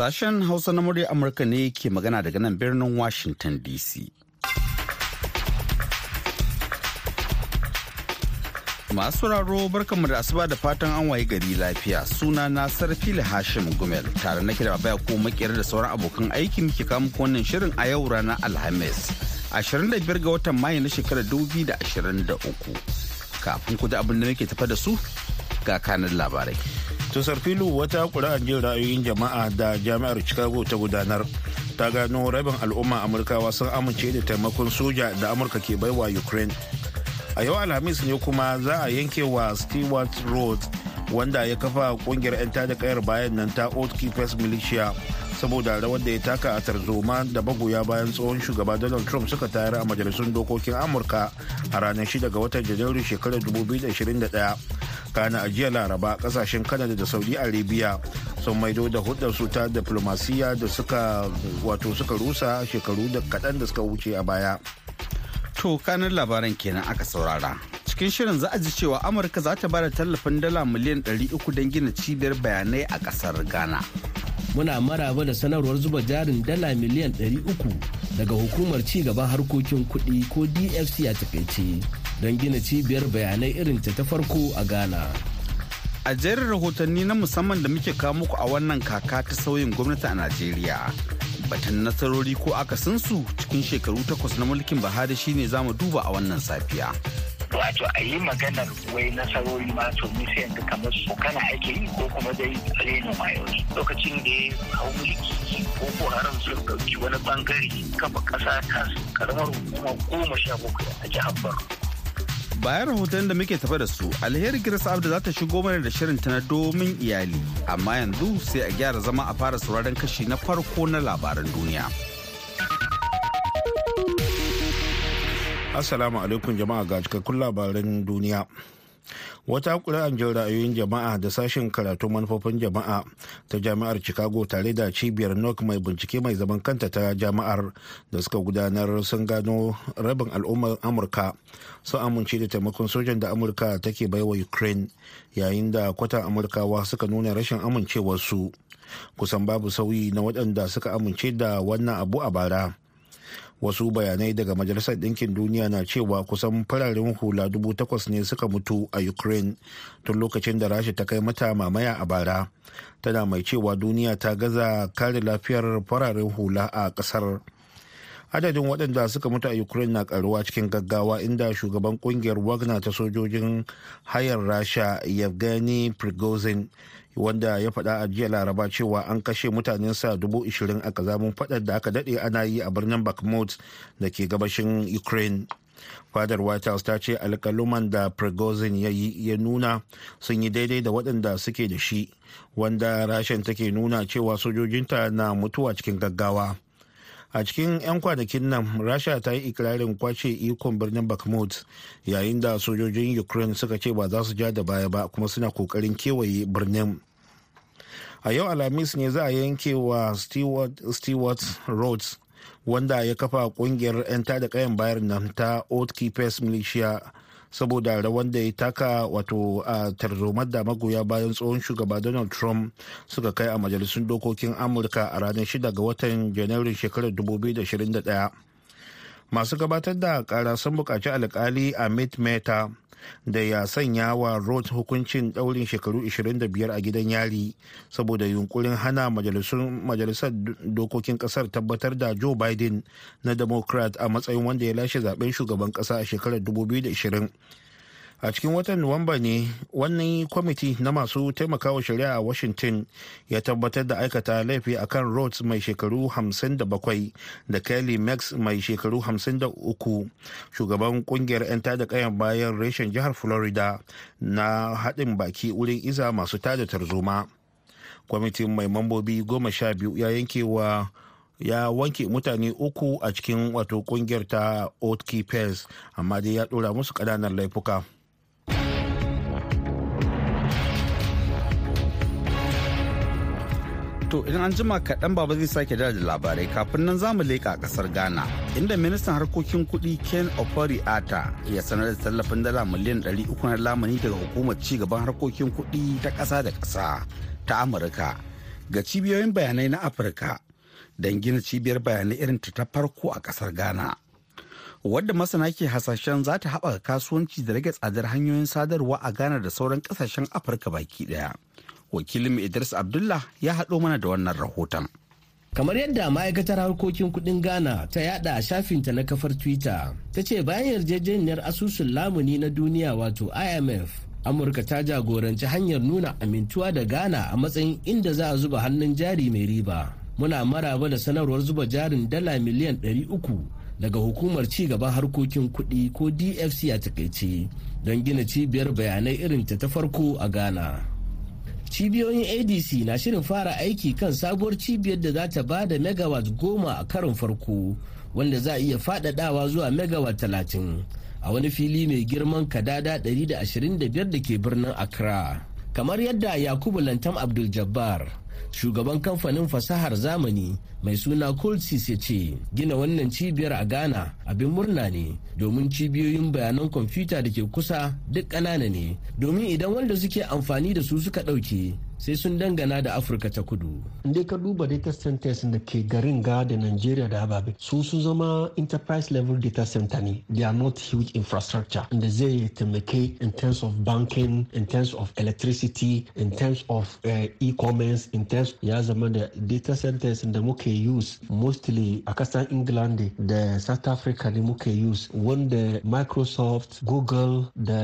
Sashen Hausa na murya Amurka ne ke magana daga nan birnin Washington DC. Masu raro barkanmu da asuba da fatan an waye gari lafiya suna na sarfili Hashim Gumel tare na kira baya ko makiyar da sauran abokan aiki muke kamu wannan shirin a yau rana Alhamis 25 ga watan Mayu na shekarar 2023. Kafin ku da abin da muke tafa da su ga kanan labarai. tusar filu wata ƙuri'ar jin ra'ayoyin jama'a da jami'ar chicago ta gudanar ta gano rabin al'umma amurkawa sun amince da taimakon soja da amurka ke baiwa ukraine a yau alhamis ne kuma za a yanke wa stewart road wanda ya kafa kungiyar 'yan tada kayar bayan nan ta old keepers militia saboda rawar da ya taka a tarzoma da magoya bayan tsohon shugaba donald trump suka tayar a majalisun dokokin amurka a ranar 6 ga watan janairun shekarar 2021 kana a jiya laraba kasashen kanada da saudi arabia sun maido da hudar su ta diplomasiya da suka wato suka rusa shekaru da kaɗan da suka wuce a baya to kanar labaran kenan aka saurara cikin shirin za a ji cewa amurka za ta bada tallafin dala miliyan 300 don gina cibiyar bayanai a kasar ghana muna maraba da sanarwar zuba jarin dala miliyan 300 daga hukumar ci gaban harkokin kuɗi ko dfc a takaice don gina cibiyar bayanai irin ta ta farko a ghana a jerin rahotanni na musamman da muke kawo muku a wannan kaka ta sauyin gwamnati a najeriya batun nasarori ko akasinsu cikin shekaru takwas na mulkin buhari shine za mu duba a wannan safiya wato a yi maganar wai nasarori ma to ni sai yanzu kamar su kana ake yi ko kuma dai reno wayoyi lokacin da ya hau mulki ko haram sun dauki wani ɓangare, kafa kasa ta karamar hukuma goma sha bakwai a jihar borno bayan rahoton da muke tafa da su alheri grace abda za ta shigo mana da shirin ta na domin iyali amma yanzu sai a gyara zama a fara sauraron kashi na farko na labaran duniya assalamu alaikum jama'a ga cikakkun labaran duniya wata ƙuri'an jin ra'ayoyin jama'a da sashen karatu manufofin jama'a ta jami'ar chicago tare da cibiyar nok mai bincike mai zaman kanta ta jama'ar da suka gudanar sun gano rabin al'ummar amurka sun amince da taimakon sojan da amurka take baiwa ukraine yayin da kwata amurkawa suka nuna rashin amincewarsu kusan babu sauyi na waɗanda suka amince da wannan abu a bara wasu bayanai daga majalisar ɗinkin duniya na cewa kusan fararen hula dubu takwas ne suka mutu a ukraine tun lokacin da rasha ta kai mata mamaya a bara tana mai cewa duniya ta gaza kare lafiyar fararen hula a ƙasar adadin waɗanda suka mutu a ukraine na karuwa cikin gaggawa inda shugaban kungiyar wagner ta sojojin hayar rasha yevgeny prigozhin wanda ya faɗa a jiya laraba cewa an kashe mutanen sa dubu ishirin a kazamin faɗar da aka daɗe ana yi a birnin bakhmut da ke gabashin ukraine fadar white house ta ce alkaluman da prigozhin ya ya nuna sun yi daidai da waɗanda suke da shi wanda rashin take nuna cewa sojojinta na mutuwa cikin gaggawa a cikin 'yan kwanakin nan rasha ta yi ikirarin kwace ikon birnin bakhmut yayin da sojojin ukraine suka ce ba za su ja da baya ba kuma suna kokarin kewaye birnin a yau alhamis ne za a yanke wa stewart rhodes wanda ya kafa kungiyar 'yan tada kayan bayar nan ta old keepers militia saboda rawan da ya taka wato a tarzomar da magoya bayan tsohon shugaba donald trump suka kai a majalisun dokokin amurka a ranar 6 ga watan janairun shekarar 2021 masu gabatar da kara sun buƙaci alkali mit meta da ya sanya wa Roth hukuncin ɗaurin shekaru 25 a gidan yari saboda yunkurin hana majalisar dokokin ƙasar tabbatar da Joe Biden na Democrat a matsayin wanda ya lashe zaben shugaban ƙasa a shekarar 2020 a cikin watan nuwamba ne wani kwamiti na masu taimakawa shari'a a washington ya tabbatar da aikata laifi a kan rhodes mai shekaru 57 da kelly max mai shekaru 53 shugaban kungiyar 'yan tada kayan bayan reshen jihar florida na haɗin baki wurin iza masu tada tarzoma kwamitin mai mambobi goma sha biyu ya yanke wa ya wanke mutane uku a cikin wato kungiyar ta old keepers amma dai ya ɗora musu ƙananan laifuka. To idan an jima kaɗan baba zai sake da labarai kafin nan zamu leƙa ƙasar Ghana inda ministan harkokin kuɗi Ken Ofori Ata ya sanar da tallafin dala miliyan 300 na lamuni daga hukumar ci gaban harkokin kuɗi ta ƙasa da ƙasa ta Amurka ga cibiyoyin bayanai na Afirka don gina cibiyar bayanai irin ta ta farko a ƙasar Ghana. Wadda masana ke hasashen za ta haɓaka kasuwanci da rage tsadar hanyoyin sadarwa a Ghana da sauran ƙasashen Afirka baki ɗaya. wakilin idris abdullah ya haɗo mana da wannan rahoton kamar yadda ma'aikatar harkokin kudin ghana ta yada a shafinta na kafar twitter ta ce bayan yarjejeniyar asusun lamuni na duniya wato imf amurka ta jagoranci hanyar nuna amintuwa da ghana a matsayin inda za a zuba hannun jari mai riba muna maraba da sanarwar zuba jarin dala miliyan 300 daga hukumar ci gaban harkokin kuɗi ko dfc a takaice don gina cibiyar bayanai irin ta ta farko a ghana cibiyoyin adc na shirin fara aiki kan sabuwar cibiyar da za ta ba da megawatt goma a karin farko wanda za a iya faɗaɗawa zuwa megawatt talatin a wani fili mai girman kadada 125 da ke birnin accra kamar yadda yakubu lantam abdul jabbar shugaban kamfanin fasahar zamani mai suna coltis ya ce gina wannan cibiyar a ghana abin murna ne domin cibiyoyin bayanan kwamfuta da ke kusa duk ƙanana ne domin idan wanda suke amfani da su suka ɗauke sai sun dangana da afirka ta kudu dai ka duba data centers da ke garin ga da nigeria da ababe su su zama enterprise level data center ne they are not huge infrastructure inda zai taimake in terms of banking in terms of electricity in terms of uh, e-commerce in terms ya zama da data centers da muke use mostly a kasar england da south africa ne muke use wanda microsoft google da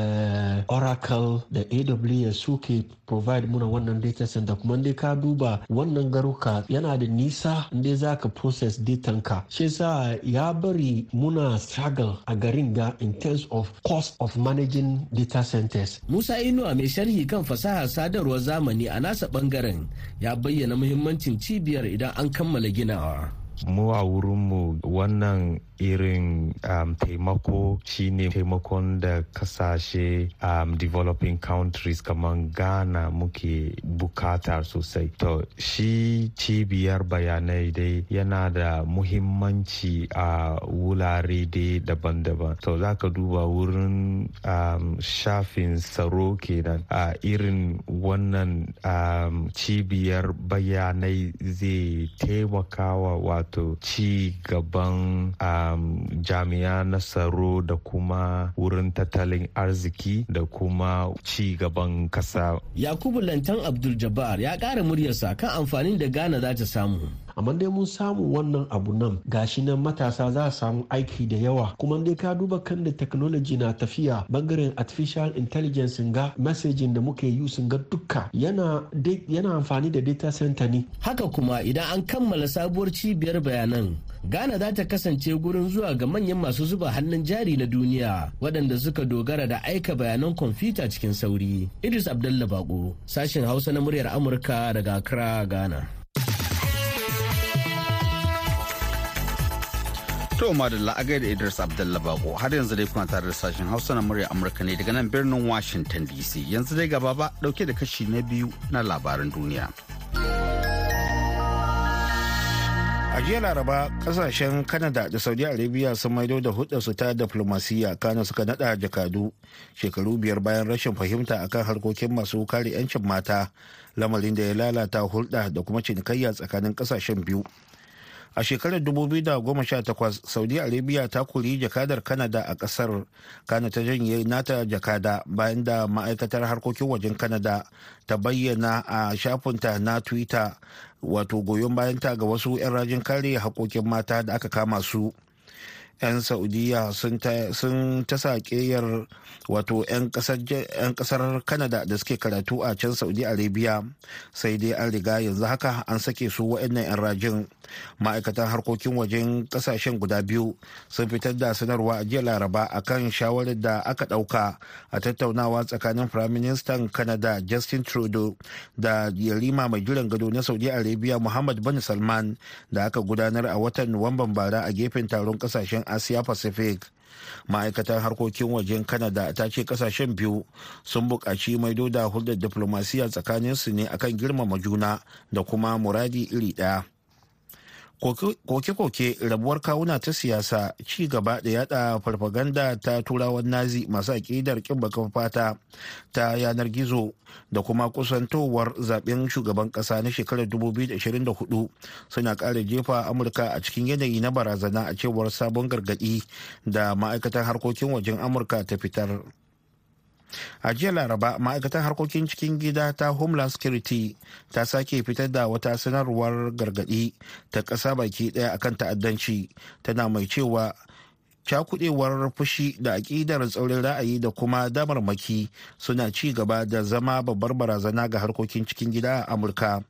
oracle da aws suke provide muna wannan data center kuma dai ka duba wannan garuka yana da nisa inda za ka process datan ka shi yasa ya bari muna struggle a garin ga in terms of cost of managing data centers musa inuwa mai sharhi kan fasaha sadarwar zamani a nasa bangaren ya bayyana muhimmancin cibiyar idan an kammala ginawa mu a wurinmu wannan irin um, taimako shine taimakon da kasashe um, developing countries kamar ghana muke bukata sosai to shi cibiyar bayanai dai yana da muhimmanci a uh, wulare dai daban-daban to za ka duba wurin um, shafin tsaro kenan a uh, irin wannan um, cibiyar bayanai zai taimakawa wato ci gaban um, jami'a na tsaro da kuma wurin tattalin arziki da kuma ci gaban kasa. Yakubu Lantan Abdul Jabbar ya ƙara muryarsa kan amfanin da Ghana za ta samu. amma dai mun samu wannan abu nan gashi nan matasa za su samu aiki da yawa kuma dai ka duba kan da technology na tafiya bangaren artificial intelligence ga messaging da muke yi sun ga dukka yana amfani da data center ne haka kuma idan an kammala sabuwar cibiyar bayanan Ghana za ta kasance gurin zuwa ga manyan masu zuba hannun jari na duniya waɗanda suka dogara da aika bayanan kwamfuta cikin sauri. Idris Abdullah Bako, sashen Hausa na muryar Amurka daga Accra, Ghana. To da la'agai da Idris Abdullahi Bako har yanzu dai kuna tare da sashen Hausa na murya Amurka ne daga nan birnin Washington DC. Yanzu dai gaba ba dauke da kashi na biyu na labaran duniya. A jiya Laraba kasashen kanada da Saudi Arabia sun maido da su ta diflomasiyya kana suka nada jakadu shekaru biyar bayan rashin fahimta akan harkokin masu kare 'yancin mata lamarin da ya lalata hulɗa da kuma cinikayya tsakanin kasashen biyu. a shekarar 2018 saudi arabia ta kuri jakadar kanada a kasar kana ta janye nata jakada bayan da ma'aikatar harkokin wajen kanada ta bayyana a shafinta na twitter wato goyon bayanta ga wasu 'yan rajin kare hakokin mata da aka kama su 'yan saudiya sun ta saƙeyar wato 'yan kasar kanada da suke karatu a can saudi arabia sai dai an riga yanzu haka an sake su wa'annan 'yan rajin ma'aikatan harkokin wajen kasashen guda biyu sun fitar da sanarwa a jiya laraba kan shawarar da aka ɗauka a tattaunawa tsakanin firaministan canada justin trudeau da yarima mai jiran gado na saudi arabia muhammad bin salman da aka gudanar a watan nuwamban bara a gefen taron kasashen asia pacific ma'aikatan harkokin wajen canada ta ce kasashen biyu sun buƙaci maido da hulɗar diflomasiyya tsakaninsu ne akan girmama juna da kuma muradi iri ɗaya koke-koke rabuwar kawuna ta siyasa ci gaba da yada farfaganda ta turawan nazi masu aƙidar ƙin bakan fata ta yanar gizo da kuma kusantowar zaben shugaban ƙasa na shekarar 2024 suna ƙara jefa amurka a cikin yanayi na barazana a cewar sabon gargaɗi da ma'aikatan harkokin wajen amurka ta fitar. a jiya laraba ma'aikatan harkokin cikin gida ta homeland security ta sake fitar da wata sanarwar gargadi ta ƙasa baki ɗaya akan ta'addanci tana mai cewa cakudewar fushi da aƙidar tsaurin ra'ayi da kuma damarmaki suna ci gaba da zama babbar barazana ga harkokin cikin gida a amurka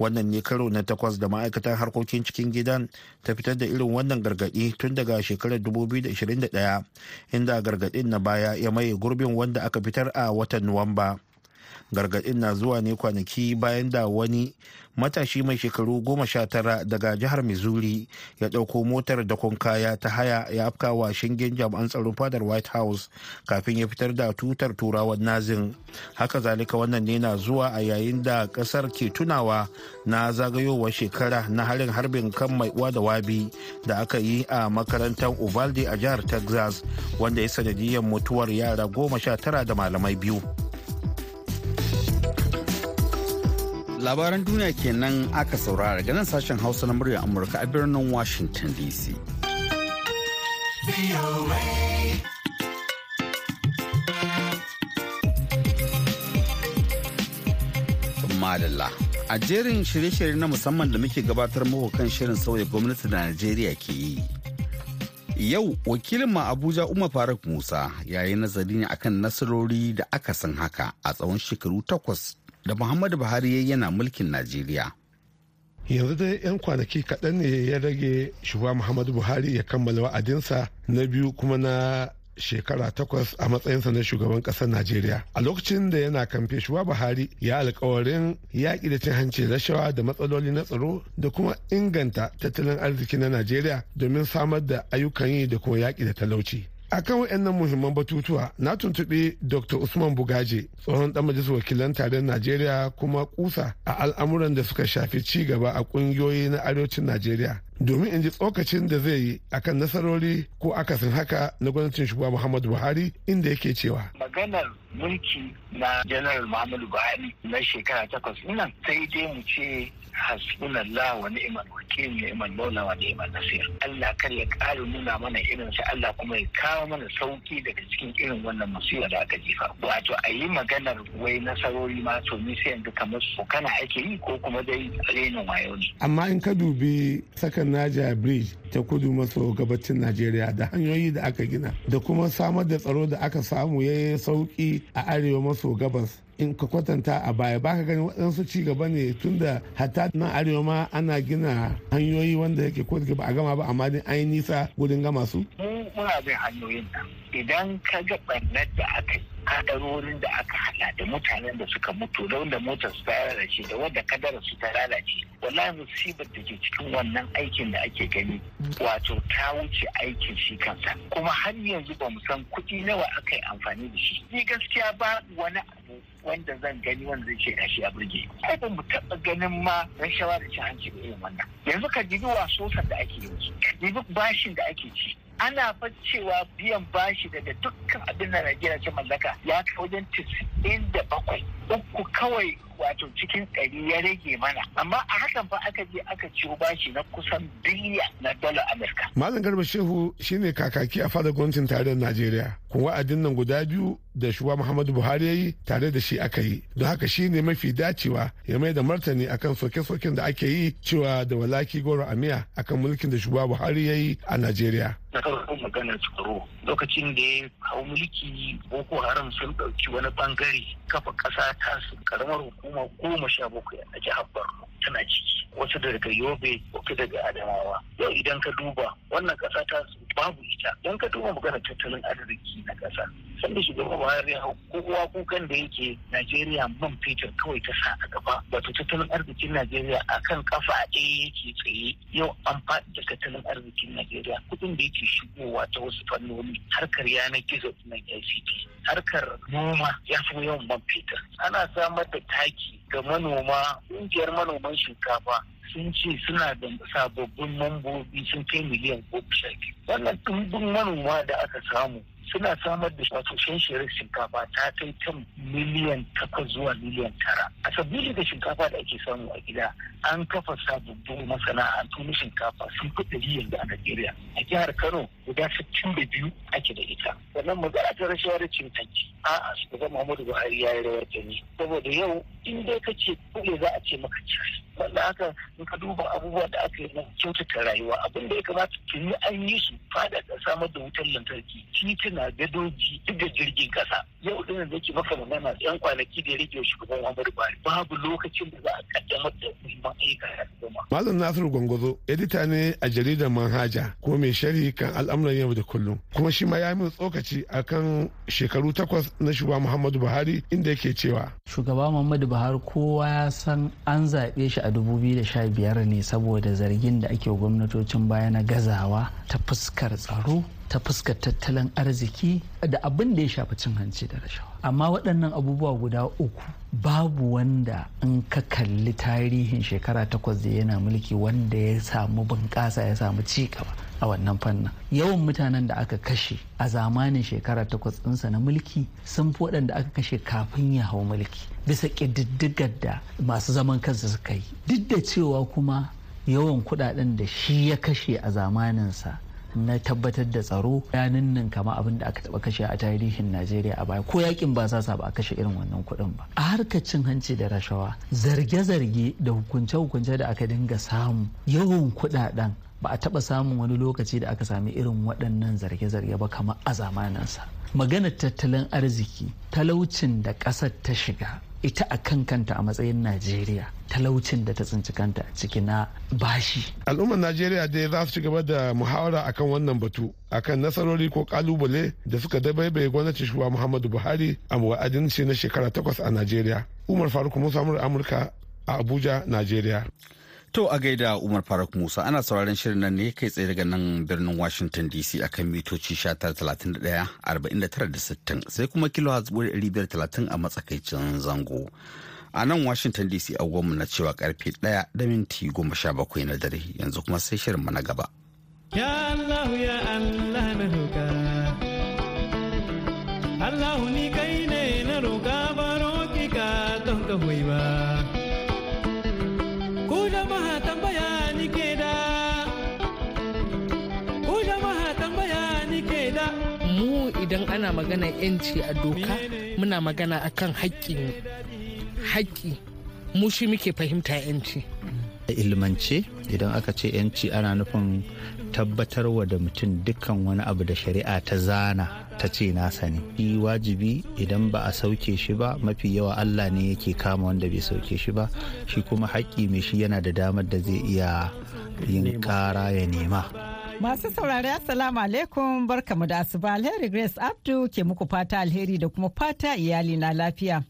wannan ne karo na takwas da ma'aikatan harkokin cikin gidan ta fitar da irin wannan gargaɗi tun daga shekarar 2021 inda gargaɗin na baya ya maye gurbin wanda aka fitar a watan nuwamba gargaɗin na zuwa ne kwanaki bayan da wani matashi mai shekaru goma sha tara daga jihar missouri ya ɗauko motar da kaya ta haya ya afka wa shingen jami'an tsaron fadar white house kafin ya fitar da tutar turawan nazin haka zalika wannan ne na zuwa a yayin da ƙasar ke tunawa na zagayowar shekara na harin harbin kan mai uwa da wabi da aka yi a makarantar uvalde a jihar texas wanda ya sanadiyar mutuwar yara goma sha tara da malamai biyu labaran duniya kenan aka saurara nan sashen hausa na muryar amurka a birnin washington dc madalla a jerin shirye-shirye na musamman da muke gabatar muku kan shirin sauya gwamnati da najeriya ke yi yau wakilin ma abuja umar faruk musa ya yi nazari ne akan nasarori da aka san haka a tsawon shekaru takwas da muhammadu buhari yana mulkin najeriya yanzu dai 'yan kwanaki kaɗan ne ya rage shugaba muhammadu buhari ya kammala wa'adinsa na biyu kuma na shekara takwas a matsayinsa na shugaban ƙasar najeriya a lokacin da yana kamfe shugaba buhari ya alkawarin yaƙi da cin hanci rashawa da matsaloli na tsaro da kuma inganta tattalin arziki na najeriya domin samar da ayyukan yi da kuma yaƙi da talauci akan wayannan waɗannan muhimman batutuwa na tuntuɓi dr usman bugaje tsohon ɗan majalisar wakilan tarayyar najeriya kuma kusa a al'amuran da suka shafi ci gaba a ƙungiyoyi na arewacin najeriya domin in ji tsokacin da zai yi akan nasarori ko akasin haka na gwamnatin shugaba muhammadu buhari inda yake cewa maganar mulki na janar muhammadu buhari na shekara takwas nan sai dai mu ce hasbunallah wa ni'mal wakil ni'mal maula wa ni'mal nasir Allah kar ya ƙara nuna mana irin sa Allah kuma ya kawo mana sauki daga cikin irin wannan musiba da aka jefa wato a yi maganar wai nasarori ma to ni sai yanzu kamar kana ake yi ko kuma dai renin wayo amma in ka dubi sakan Naja Bridge ta kudu maso gabacin Najeriya da hanyoyi da aka gina da kuma samar da tsaro da aka samu ya yi sauki a arewa maso gabas in ka kwatanta a baya baka gani waɗansu ci gaba ne tunda hatta nan arewa ma ana gina hanyoyi wanda yake ko ba a gama ba amma dai an yi nisa wurin gama su. muna bin hanyoyin nan idan ka ga ɓarnar da aka yi da aka haɗa da mutanen da suka mutu da wanda motar su ta lalace da wanda kadara su ta lalace wallahi musibar da ke cikin wannan aikin da ake gani wato ta wuce aikin shi kansa kuma har yanzu ba mu san kuɗi nawa aka yi amfani da shi ni gaskiya ba wani abu wanda zan gani wanda zai ce shi a burge ai ba mu taɓa ganin ma rashawa da cin hanci da irin wannan yanzu ka dubi wasosan da ake yi ka dubi bashin da ake ci ana fa cewa biyan bashi daga dukkan abin da na gina ce mallaka ya fi wajen tisa'in da bakwai uku kawai wato cikin ɗari ya rage mana amma a hakan fa aka je aka ciwo bashi na kusan biliya na dala amurka. malam garba shehu shine kakaki a fadar gwamnatin tarayyar najeriya kun wa'adin nan guda biyu da shuwa muhammadu buhari ya yi tare da shi aka yi don haka shi ne mafi dacewa ya mai da martani akan soke-soken da ake yi cewa da walaki goro amiya akan mulkin da shuwa buhari ya yi a najeriya. Kar magana tsaro lokacin da ya hau mulki boko haram sun ɗauki wani bangare kafa ƙasa ta su karamar hukuma goma sha bakwai a jihar borno tana ciki wasu daga yobe wasu daga adamawa yau idan ka duba wannan ƙasa ta su babu ita don ka duba magana tattalin arziki na ƙasa sanda shugaban buhari hau kowa kukan da yake najeriya man fetur kawai ta sa a gaba wato tattalin arzikin najeriya a kan kafa a yake tsaye yau an faɗi da tattalin arzikin najeriya kuɗin da yake shigowa ta wasu fannoni harkar yanar gizo na ICT harkar noma ya fi yawan man fetur ana samar da taki ga manoma ƙungiyar manoman shinkafa sun ce suna da sababbin mambobi sun kai miliyan goma sha biyu wannan ɗumbin manoma da aka samu suna samar da wato shirin shinkafa ta kai ta miliyan takwas zuwa miliyan tara a sabbin da shinkafa da ake samu a gida an kafa sababbin masana'antu na shinkafa sun fi ɗari yanzu a najeriya a jihar kano guda sittin da biyu ake da ita Wannan magana ta rashawa da cin a'a shugaba muhammadu buhari ya yi rawar gani saboda yau in dai kace kule za a ce maka cire wanda haka in ka duba abubuwa da aka yi na kyautata rayuwa abin da ya kamata ki yi an yi su fada da samar da wutar lantarki tituna gadoji duk da jirgin kasa yau ɗin da ke maka magana yan kwanaki da ya rage shugaban Muhammadu Buhari babu lokacin da za a kaddamar da muhimman ayyuka na al'umma. Malam Nasiru Gongozo edita ne a jaridar Manhaja ko mai sharhi kan al'amuran yau da kullum kuma shi ma ya min tsokaci a kan shekaru takwas na shugaba Muhammadu Buhari inda yake cewa. Shugaba Muhammadu Buhari kowa ya san an zaɓe shi a a 2015 ne saboda zargin da ake gwamnatocin baya na gazawa ta fuskar tsaro ta fuskar tattalin arziki da abin da ya shafi cin hanci da rashawa amma waɗannan abubuwa guda uku babu wanda in ka kalli tarihin shekara takwas da yana mulki wanda ya samu bunƙasa ya samu ci gaba a wannan fannin yawan mutanen da aka kashe a zamanin shekara takwas ɗinsa na mulki sun fi waɗanda aka kashe kafin ya hau mulki bisa ƙididdigar da masu zaman kansu suka yi duk da cewa kuma yawan kuɗaɗen da shi ya kashe a zamaninsa na tabbatar da tsaro ya nan kama abin da aka taɓa kashe a tarihin Najeriya a baya ko yakin ba sasa ba a kashe irin wannan kuɗin ba a harkar cin hanci da rashawa zarge-zarge da hukunce-hukunce da aka dinga samu yawan kuɗaɗen ba a taɓa samun wani lokaci da aka sami irin waɗannan zarge-zarge ba kamar a zamaninsa maganar tattalin arziki talaucin da ƙasar ta shiga ita a kan kanta a matsayin najeriya talaucin da ta tsinci kanta a ciki na bashi al'ummar najeriya dai za su ci gaba da muhawara akan wannan batu akan nasarori ko kalubale da suka dabaibaye gwamnatin shugaba muhammadu buhari a wa'adin shi na shekara takwas a najeriya umar faruk musa amurka a abuja najeriya To a gaida Umar Faruk Musa ana sauraron shirin nan ne kai tsaye daga nan birnin Washington DC a kan mitoci 1931 sai kuma kilo 530 a matsakaicin zango. A nan Washington DC agwamu na cewa karfe 1 da minti 17 na dare yanzu kuma sai shirin mana gaba. Ya Allah ya Allah na roka. Allah ni kai ne na roka baro ki ka don ka ba. ana magana yanci a doka muna magana akan kan haƙƙi mu shi muke fahimta yanci ilmance idan aka ce yanci ana nufin tabbatarwa da mutum dukkan wani abu da shari'a ta zana ta ce nasa ne yi wajibi idan ba a sauke shi ba mafi yawa allah ne yake kama wanda bai sauke shi ba shi kuma haƙƙi mai shi yana da damar da zai iya yin ƙara ya nema Masu saurari Assalamu alaikum barkamu da asuba alheri Grace Abdu ke muku fata alheri da kuma fata iyali na lafiya.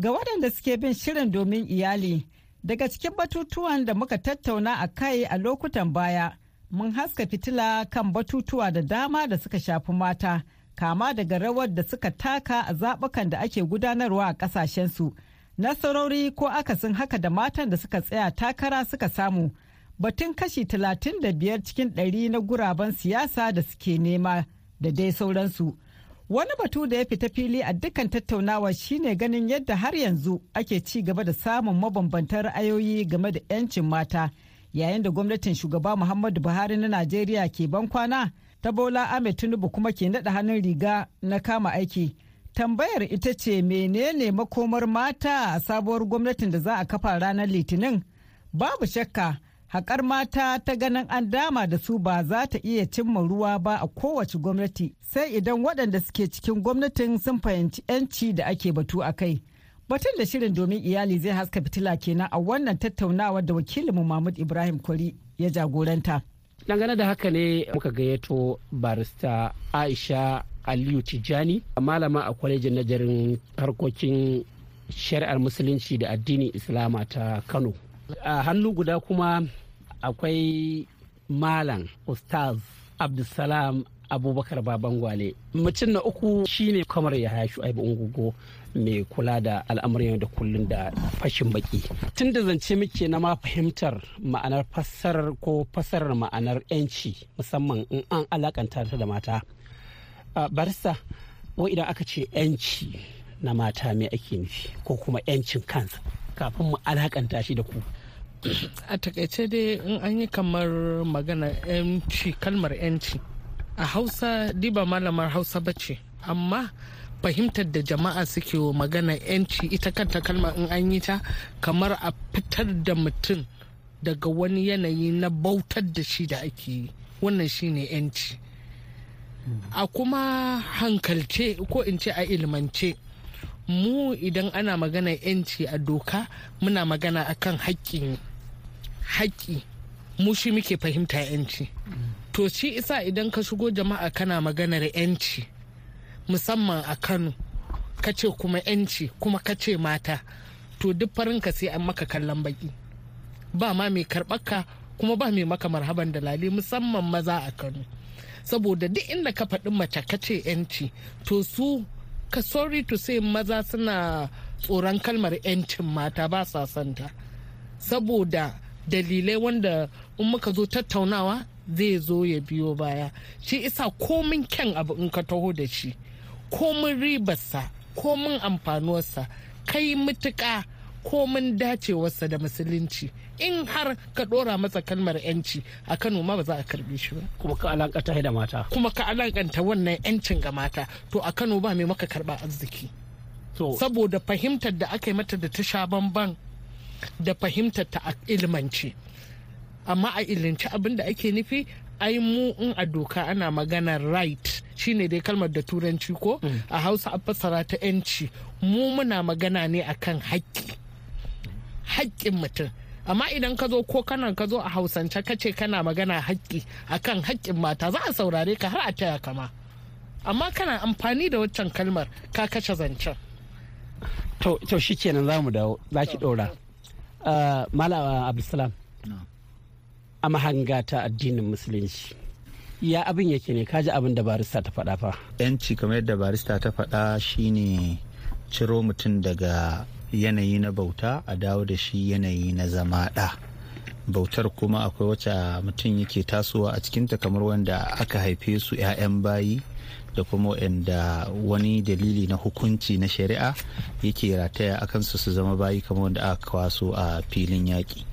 Ga waɗanda suke bin shirin domin iyali daga cikin batutuwan da muka tattauna a kai a lokutan baya mun haska fitila kan batutuwa da dama da suka shafi mata kama daga rawar da suka taka a zaɓukan da ake gudanarwa a ƙasashensu. Nasarori ko akasin haka da matan da suka tsaya takara suka samu. batun kashi 35 cikin 100 na guraben siyasa da suke nema da dai sauransu. Wani batu da ya fita fili a dukkan tattaunawa shine ganin yadda har yanzu ake ci gaba da samun mabambantan ra'ayoyi game da 'yancin mata yayin da gwamnatin shugaba Muhammadu Buhari na Najeriya ke bankwana ta Bola Ahmed Tinubu kuma ke naɗa hannun riga na kama aiki. Tambayar ita ce menene makomar mata a sabuwar gwamnatin da za a kafa ranar Litinin? Babu shakka haƙar mata ta ganin an dama da su ba za ta iya cimma ruwa ba a kowace gwamnati sai idan waɗanda suke cikin gwamnatin sun fahimci 'yanci da ake batu a kai. Batun da shirin domin iyali zai haska fitila kenan a wannan tattaunawar da wakilinmu Mahmud Ibrahim Kwari ya jagoranta. Dangane da haka ne muka gayyato barista Aisha Aliyu Tijjani, malama a kwalejin nazarin harkokin shari'ar musulunci da addinin Islama ta Kano. a hannu guda kuma akwai malam ustaz abdulsalam abubakar babangwale mutum na uku shine kamar ya hashu aibu ungugo mai kula da al'amuran yau da kullun da fashin baki tun da zance muke na ma fahimtar ma'anar fassarar ko fassarar ma'anar yanci musamman in an alakanta ta da mata barista wa idan aka ce yanci na mata mai ake nufi ko kuma 'yancin kansa kafin mu alakanta shi da ku a takaice dai in an yi kamar magana 'yanci kalmar 'yanci a hausa diba malamar hausa ba ce amma fahimtar da jama'a suke wa magana 'yanci ita kanta kalmar in an yi ta kamar a fitar da mutum daga wani yanayi na bautar da shi da ake yi wannan shine 'yanci a kuma hankalce ko in ce a ilmance mu idan ana magana yanci a doka muna magana akan kan haƙƙi mu shi muke fahimta yanci to shi isa idan ka shigo jama'a kana maganar yanci musamman a kano ka ce kuma yanci kuma ka ce mata to duk farin ka sai an maka kallon baki ba ma mai karɓarka kuma ba mai maka marhaban dalali musamman maza a kano saboda duk inda ka faɗi mace ka ce yanci to su ka sorry to say maza suna tsoron kalmar 'yancin mata ba sa santa saboda dalilai wanda in muka zo tattaunawa zai zo ya biyo baya shi isa komin kyan abu in ka taho da shi komin ribarsa komin amfanuwarsa kai mutuƙa komin dacewarsa da musulunci in har ka dora masa kalmar yanci a kano ma ba za a karbe shi ba kuma ka alakanta da mata kuma ka alakanta wannan yancin ga mata to a kano ba mai maka karba arziki saboda fahimtar da aka yi mata da ta sha bamban da fahimtar ta a amma a ilinci abin da ake nufi ai mu in a doka ana magana right shine dai kalmar da turanci ko mm. a hausa a fasara ta yanci mu muna magana ne akan haƙƙi haƙƙin mutum amma idan ka zo ko kanan ka zo a hausance ka ce kana magana haƙƙi akan haƙƙin mata za a saurare ka har a taya kama amma kana amfani da waccan kalmar ka kashe zancen to to shikenan za mu dawo za ki ɗora uh, malam abdulsalam a mahanga ta addinin musulunci ya abin yake ne kaji abin da barista ta faɗa fa yanci kamar yadda barista ta faɗa shine ciro mutum daga yanayi na bauta a dawo da shi yanayi na zama da bautar kuma akwai wacce mutum yake tasowa a cikinta kamar wanda aka haife su 'ya'yan bayi da kuma wanda wani dalili na hukunci na shari'a yake rataya akan su su zama bayi kamar wanda aka kwaso a filin yaƙi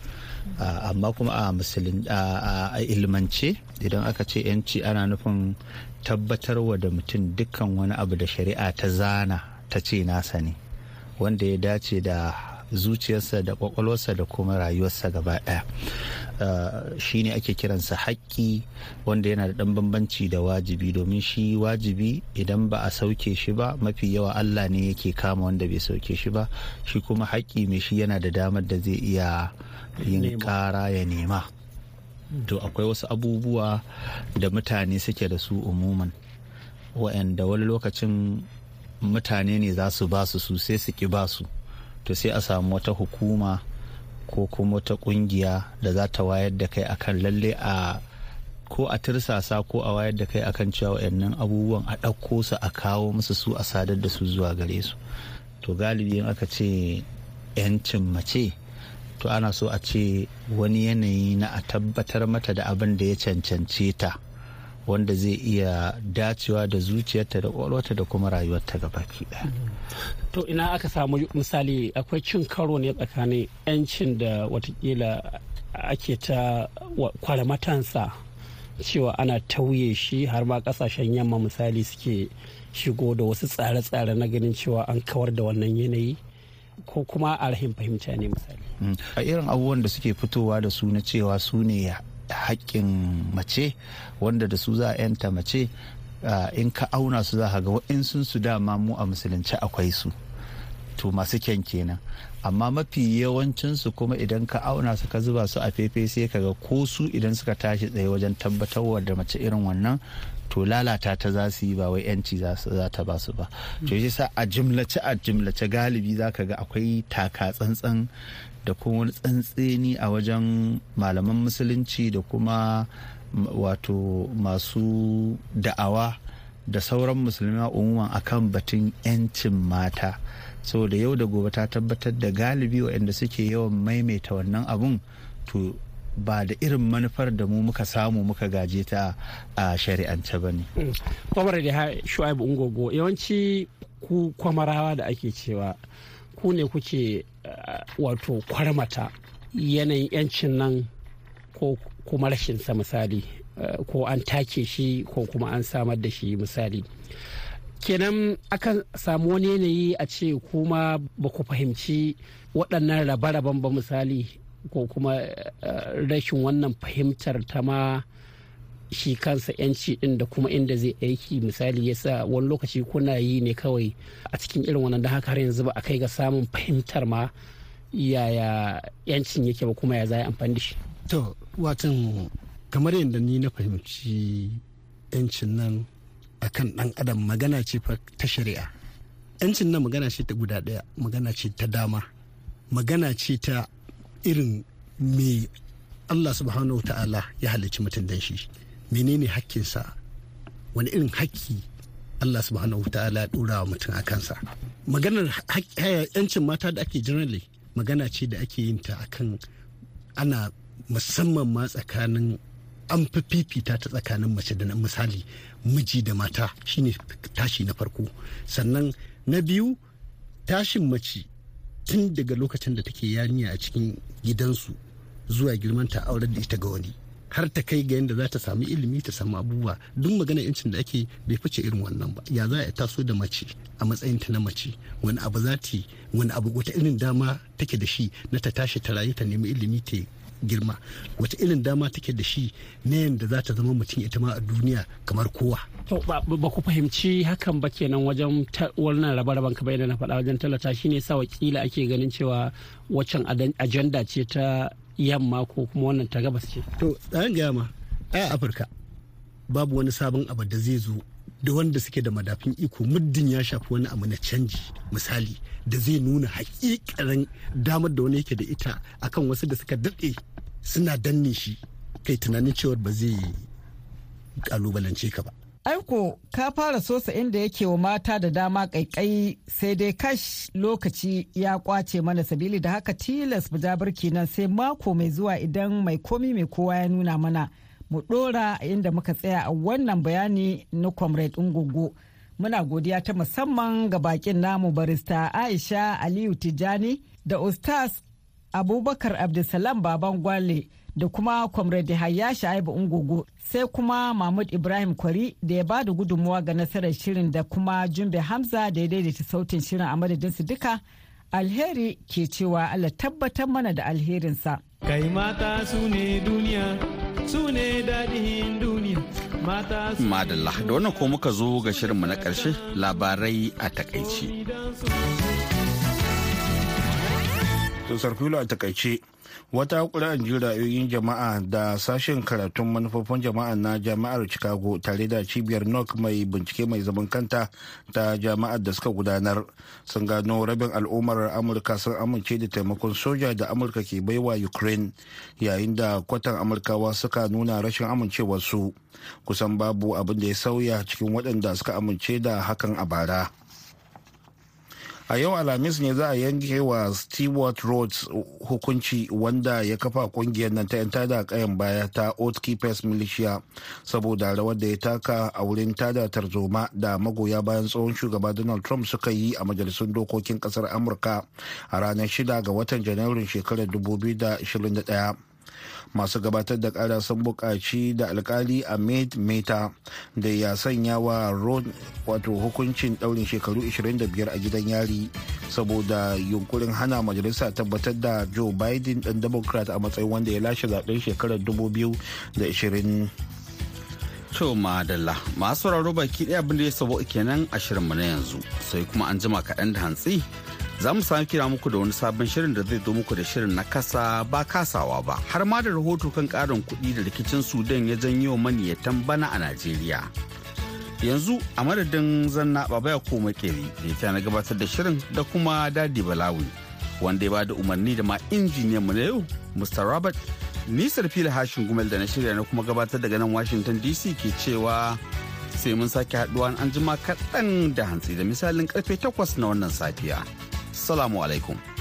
amma kuma a musulun a ilmance idan aka ce 'yanci ana nufin tabbatarwa da mutum dukkan wani abu da shari'a ta zana ta ce nasa ne wanda ya dace da zuciyarsa da kwakwalwarsa da kuma rayuwarsa gaba ɗaya uh, shi ne ake kiransa haƙƙi wanda yana da ɗan bambanci da wajibi domin shi wajibi idan ba a sauke shi ba mafi yawa allah ne yake kama wanda bai sauke shi ba shi kuma haƙƙi mai shi yana da damar da zai iya yin ƙara ya nema to akwai wasu abubuwa da mutane suke da su umuman wa'anda wani lokacin mutane ne za su basu su sai su ki su to sai a samu wata hukuma ko kuma wata kungiya da za ta wayar da kai akan lalle a ko a tirsasa ko a wayar da kai akan cewa wayannan abubuwan a ɗauko su a kawo musu su a sadar da su zuwa gare su to galibi in aka ce 'yancin mace to ana so a ce wani yanayi na a tabbatar mata da abin da ya cancance ta wanda zai iya dacewa da zuciyarta da kwalwata da kuma rayuwarta ga ɗaya. to ina aka samu misali akwai cin karo ne tsakanin 'yancin da watakila ake ta matansa cewa ana tauye shi har ma kasashen yamma misali suke shigo da wasu tsare-tsare na ganin cewa an kawar da wannan yanayi ko kuma a rahin fahimta ne misali mm. a irin abubuwan da suke fitowa da su na cewa su ne haƙƙin mace wanda da su za a 'yanta mace in ka auna su za a ga sun su dama mu a musulunci akwai su to masu kyan kenan amma mafi yawancinsu kuma idan ka auna su ka zuba su a fefe sai ka ga ko su idan suka tashi tsaye wajen tabbatarwa da mace irin wannan to lalata ta za su yi ba wai yanci za ta ba su ba to shi sa a jimlace a jimlace galibi za ka ga akwai taka tsantsan da kuma wani tsantseni a wajen malaman musulunci da kuma wato masu da'awa da sauran musulmi umuman akan batun 'yancin mata saboda yau da gobe ta tabbatar da galibi waɗanda suke yawan maimaita wannan abun to ba da irin manufar da mu muka samu muka gaje ta a shari'ance ba ne. kwamar hmm. da shu'aibu ungogo yawanci ku kwamarawa da ake cewa ku ne kuke wato kwarmata yanayin 'yancin nan ko kuma rashinsa misali eh, ko an take shi ko kuma an samar da shi misali kenan akan samu wani yanayi a ce kuma ba ku fahimci waɗannan rabe-raben ba misali ko kuma eh, rashin wannan fahimtar ta ma shi kansa yanci din da kuma inda zai aiki misali ya sa wani lokaci kuna yi ne kawai a cikin irin wannan da haka har yanzu ba a kai ga samun fahimtar ma yaya yancin yake ba kuma ya za amfani da shi to watan kamar yadda ni na fahimci yancin nan a kan dan adam magana ce ta shari'a yancin nan magana ce ta guda daya magana ce ta dama magana ce ta irin mai Allah subhanahu wa ta'ala ya halicci mutum dan shi menene hakkinsa wani irin hakki Allah subhanahu ta'ala ya dora wa mutum a kansa maganar yancin mata da ake generally magana ce da ake yin ta akan ana musamman ma tsakanin an fi fifita ta tsakanin mace da misali miji da mata shine tashi na farko sannan na biyu tashin mace tun daga lokacin da take yaniya a cikin gidansu zuwa girman ta aurar da ita ga wani har ta kai ga yadda za ta samu ilimi ta samu abubuwa duk magana yancin da ake bai fice irin wannan ba ya za a taso da mace a matsayin ta na mace wani abu za ta wani abu wata irin dama take da shi na ta tashi ta rayu ta nemi ilimi ta girma wata irin dama take da shi na yadda za ta zama mutum ita ma a duniya kamar kowa. ba ku fahimci hakan ba kenan wajen wannan rabe-raben kamar yadda na faɗa wajen talata shine sa wakila ake ganin cewa waccan ajanda ce ta yamma ko kuma wannan ta gabas ce to tsarin gaya ma a afirka babu wani sabon abu da zai zo da wanda suke da madafin iko muddin ya shafi wani abu na canji misali da zai nuna hakikarin damar da wani yake da ita akan wasu da suka daɗe suna danne shi kai tunanin cewar ba zai kalubalance ka ba Aiko ka fara sosa inda yake wa mata da dama kaikai sai dai kash lokaci ya kwace mana sabili da haka tilas birki nan sai mako mai zuwa idan mai komi mai kowa ya nuna mana mu dora inda muka tsaya a wannan bayani na comrade ungogo muna godiya ta musamman ga bakin namu barista aisha aliyu tijani da ustaz abubakar abdulsalam baban gwale da kuma Comrade Hayya Sha'ibu Ungugu sai kuma Mahmud Ibrahim Kwari da ya ba da gudunmuwa ga nasarar shirin da kuma Jumbe Hamza da ya daidaita sautin shirin a su duka alheri ke cewa Allah tabbatar mana da alherinsa. Kai mata su ne duniya, su ne daɗin duniya. Mata Madalla, da wannan ko muka zo ga shirinmu na ƙarshe labarai a takaici. Tusar filo a takaice wata ƙuri'ar jin ra'ayoyin jama'a da sashen karatun manufofin jama'a na jama'ar Chicago tare da cibiyar nok mai bincike mai zaman kanta ta jama'ar da suka gudanar sun gano rabin al'ummar Amurka sun amince da taimakon soja da Amurka ke baiwa Ukraine yayin da kwatan Amurkawa suka nuna rashin amincewarsu kusan babu abin da ya sauya cikin waɗanda suka amince da hakan a bara. a yau alhamis ne za a yanke wa stewart rhodes hukunci wanda ya kafa kungiyar nan ta 'yan tada kayan baya ta old keepers militia saboda rawar da ya taka a wurin tada tarzoma da magoya bayan tsohon shugaba donald trump suka yi a majalisun dokokin kasar amurka a ranar 6 ga watan janairun shekarar 2021 masu gabatar da kara sun bukaci da alkali ahmed meta da ya sanya wa ron wato hukuncin daurin shekaru 25 a gidan yari saboda yunkurin hana majalisa tabbatar da joe biden dan democrat a matsayin wanda ya lashe zaben shekarar 2020 To madalla masu sauraro baki ɗaya abin da ya sabo kenan a mu na yanzu sai kuma an jima kaɗan da hantsi za mu sami kira muku da wani sabon shirin da zai zo muku da shirin na kasa ba kasawa ba har ma da rahoto kan karin kuɗi da rikicin sudan ya janyo mani ya tambana a najeriya yanzu a madadin zanna baba ya koma kere da na gabatar da shirin da kuma dadi balawi wanda ya ba da umarni da ma injiniyan mu na yau mr robert nisar fila hashin gumel da na shirya na kuma gabatar daga nan washington dc ke cewa sai mun sake haduwa an jima kaɗan da hantsi da misalin karfe 8 na wannan safiya. السلام عليكم